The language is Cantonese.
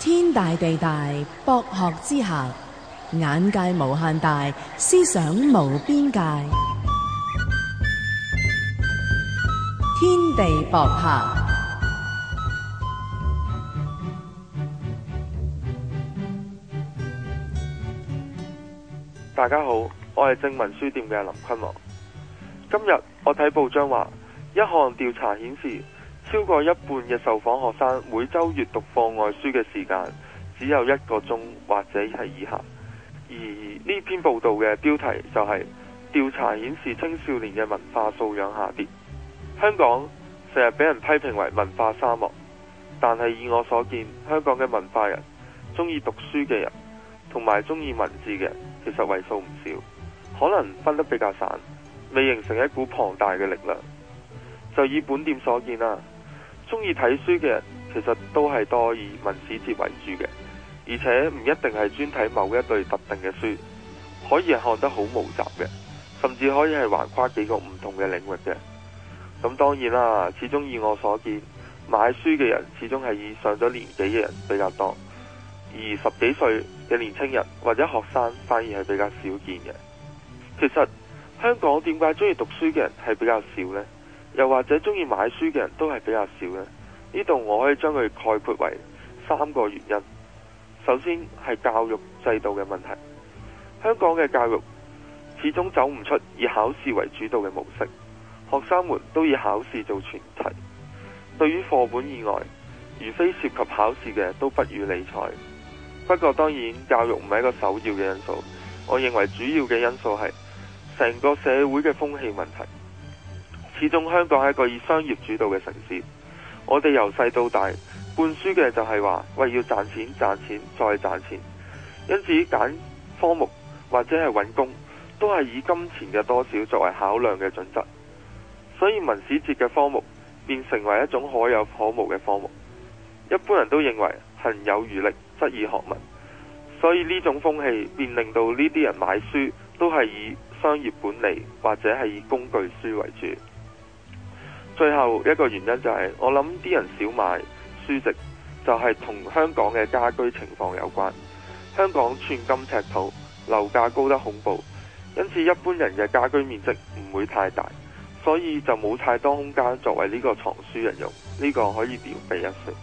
天大地大，博學之下，眼界無限大，思想無邊界。天地博客，大家好，我係正文書店嘅林坤樂。今日我睇報章話，一項調查顯示。超過一半嘅受訪學生每周閱讀課外書嘅時間只有一個鐘或者係以下，而呢篇報道嘅標題就係調查顯示青少年嘅文化素養下跌。香港成日俾人批評為文化沙漠，但係以我所見，香港嘅文化人，中意讀書嘅人同埋中意文字嘅人，其實為數唔少，可能分得比較散，未形成一股龐大嘅力量。就以本店所見啦。中意睇書嘅人，其實都係多以文史哲為主嘅，而且唔一定係專睇某一類特定嘅書，可以係看得好蕪雜嘅，甚至可以係橫跨幾個唔同嘅領域嘅。咁當然啦，始終以我所見，買書嘅人始終係以上咗年紀嘅人比較多，而十幾歲嘅年青人或者學生反而係比較少見嘅。其實香港點解中意讀書嘅人係比較少呢？又或者中意買書嘅人都係比較少嘅，呢度我可以將佢概括為三個原因。首先係教育制度嘅問題，香港嘅教育始終走唔出以考試為主導嘅模式，學生們都以考試做前提，對於課本以外，如非涉及考試嘅都不予理睬。不過當然，教育唔係一個首要嘅因素，我認為主要嘅因素係成個社會嘅風氣問題。始終香港係一個以商業主導嘅城市，我哋由細到大灌輸嘅就係話喂，為要賺錢，賺錢再賺錢。因此揀科目或者係揾工都係以金錢嘅多少作為考量嘅準則。所以文史哲嘅科目變成為一種可有可無嘅科目。一般人都認為行有餘力，則以學文，所以呢種風氣便令到呢啲人買書都係以商業管理或者係以工具書為主。最後一個原因就係，我諗啲人少買書籍，就係同香港嘅家居情況有關。香港寸金尺土，樓價高得恐怖，因此一般人嘅家居面積唔會太大，所以就冇太多空間作為呢個藏書人用。呢個可以掉備一説。